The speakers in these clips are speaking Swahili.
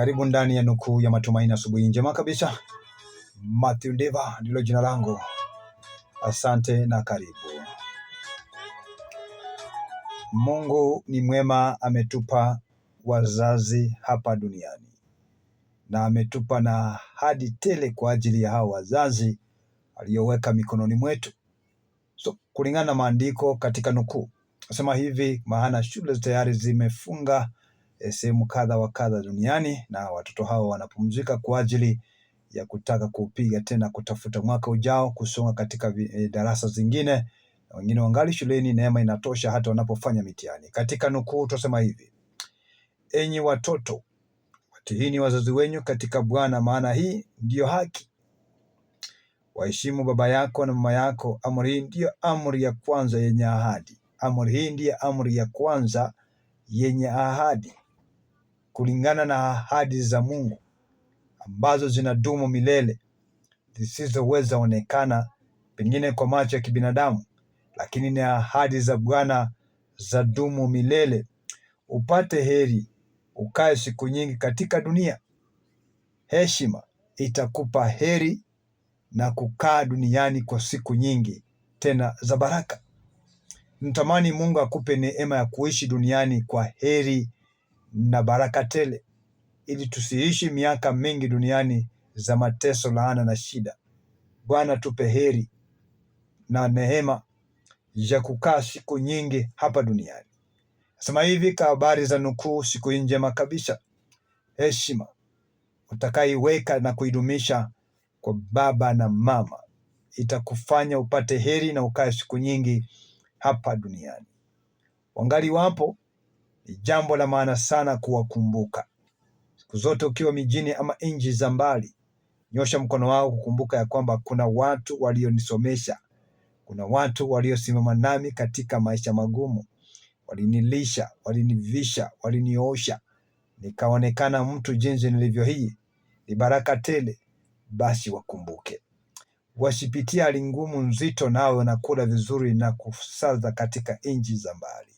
Karibu ndani ya nukuu ya matumaini. Asubuhi njema kabisa. Mathew Ndeva ndilo jina langu. Asante na karibu. Mungu ni mwema, ametupa wazazi hapa duniani na ametupa na hadi tele kwa ajili ya hao wazazi aliyoweka mikononi mwetu. So, kulingana na maandiko katika nukuu nasema hivi, maana shule tayari zimefunga Eh, sehemu kadha wa kadha duniani, na watoto hao wanapumzika kwa ajili ya kutaka kupiga tena, kutafuta mwaka ujao, kusonga katika eh, darasa zingine, na wengine wangali shuleni, neema inatosha hata wanapofanya mitihani. Katika nukuu tusema hivi: enyi watoto, watihini wazazi wenyu katika Bwana, maana hii ndiyo haki. Waheshimu baba yako na mama yako. Amri hii ndiyo amri ya kwanza yenye ahadi. Amri hii ndiyo amri ya kwanza yenye ahadi kulingana na ahadi za Mungu ambazo zinadumu milele, zisizoweza onekana pengine kwa macho ya kibinadamu, lakini ni ahadi za Bwana za dumu milele, upate heri ukae siku nyingi katika dunia. Heshima itakupa heri na kukaa duniani kwa siku nyingi tena za baraka. Mtamani Mungu akupe neema ya kuishi duniani kwa heri na baraka tele, ili tusiishi miaka mingi duniani za mateso, laana na shida. Bwana, tupe heri na neema ya kukaa siku nyingi hapa duniani. nasema hivi ka habari za nukuu, siku hii njema kabisa, heshima utakaiweka na kuidumisha kwa baba na mama itakufanya upate heri na ukae siku nyingi hapa duniani. Wangali wapo ni jambo la maana sana kuwakumbuka siku zote. Ukiwa mijini ama nchi za mbali, nyosha mkono wao kukumbuka ya kwamba kuna watu walionisomesha, kuna watu waliosimama nami katika maisha magumu, walinilisha, walinivisha, waliniosha, nikaonekana mtu jinsi nilivyo. Hii ni baraka tele. Basi wakumbuke wasipitia hali ngumu nzito, nawe unakula vizuri na kusaza katika nchi za mbali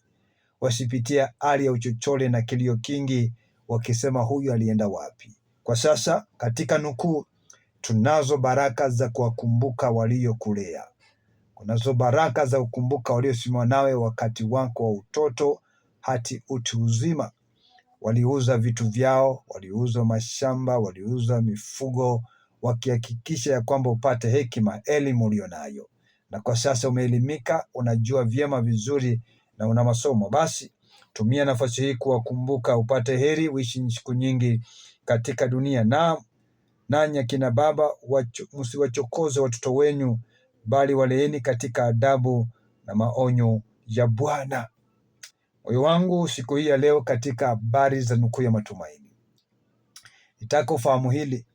wasipitia hali ya uchochole na kilio kingi, wakisema huyu alienda wapi? Kwa sasa katika nukuu, tunazo baraka za kuwakumbuka waliokulea, kunazo baraka za kukumbuka waliosimama nawe wakati wako wa utoto hati utu uzima. Waliuza vitu vyao, waliuza mashamba, waliuza mifugo, wakihakikisha ya kwamba upate hekima, elimu ulionayo. Na kwa sasa umeelimika, unajua vyema vizuri na una masomo, basi tumia nafasi hii kuwakumbuka upate heri, uishi siku nyingi katika dunia. Na nanyi akina baba, msiwachokoze watoto wenyu, bali waleeni katika adabu na maonyo ya Bwana. Moyo wangu siku hii ya leo katika habari za nukuu ya matumaini, nitaka ufahamu hili.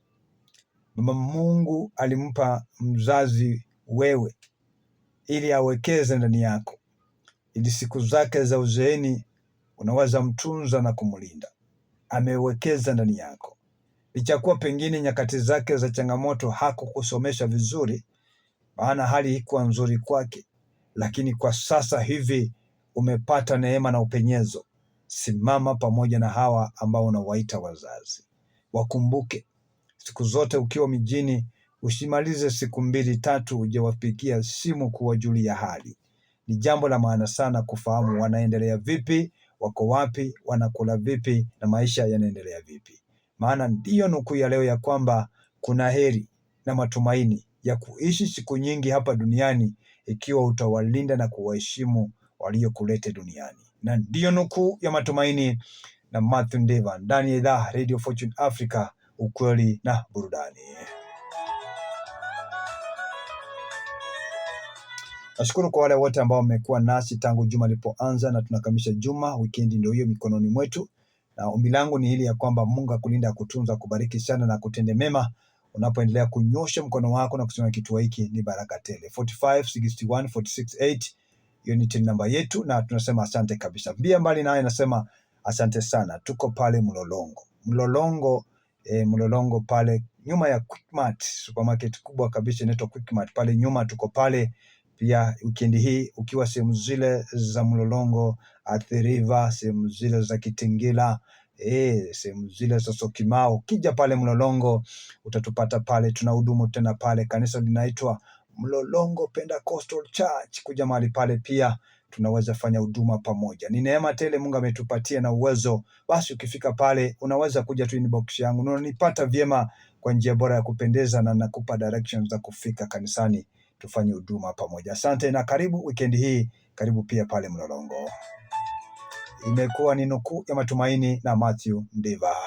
Mama Mungu alimpa mzazi wewe ili awekeze ndani yako ili siku zake za uzeeni unaweza mtunza na kumlinda. Amewekeza ndani yako, licha kuwa pengine nyakati zake za changamoto hakukusomesha vizuri, maana hali ikuwa nzuri kwake, lakini kwa sasa hivi umepata neema na upenyezo. Simama pamoja na hawa ambao unawaita wazazi, wakumbuke siku zote. Ukiwa mijini, usimalize siku mbili tatu hujawapigia simu kuwajulia hali ni jambo la maana sana kufahamu wanaendelea vipi, wako wapi, wanakula vipi na maisha yanaendelea vipi. Maana ndiyo nukuu ya leo ya kwamba kuna heri na matumaini ya kuishi siku nyingi hapa duniani ikiwa utawalinda na kuwaheshimu waliokulete duniani. Na ndiyo nukuu ya matumaini na Mathew Ndeva ndani ya idhaa Radio Fortune Africa, ukweli na burudani. Nashukuru kwa wale wote ambao wamekuwa nasi tangu juma lipoanza na tunakamisha juma. Wikendi ndio hiyo mikononi mwetu, na ombi langu ni hili ya kwamba Mungu akulinda, akutunza, akubariki sana na kutende mema unapoendelea kunyosha mkono wako na kusimama. Kituo hiki ni baraka tele. 45 61 468 hiyo ni tini namba yetu, na tunasema asante kabisa. Mbia mbali naye nasema asante sana. Tuko pale Mlolongo, Mlolongo e, eh, Mlolongo pale nyuma ya Quickmart supermarket kubwa kabisa inaitwa Quickmart. Pale nyuma tuko pale pia wikendi hii ukiwa sehemu zile za Mlolongo, Athiriva, sehemu zile za Kitingila, e, sehemu zile za Sokimao, ukija pale Mlolongo utatupata pale, tuna hudumu tena pale. Kanisa linaitwa Mlolongo Pentecostal Church. Kuja mahali pale pia tunaweza fanya huduma pamoja. Ni neema tele Mungu ametupatia na uwezo. Basi ukifika pale unaweza kuja tu inbox yangu unanipata vyema kwa njia bora ya kupendeza, na nakupa directions za kufika kanisani tufanye huduma pamoja. Asante na karibu wikendi hii, karibu pia pale Mlolongo. Imekuwa ni nukuu ya matumaini na Mathew Ndiva.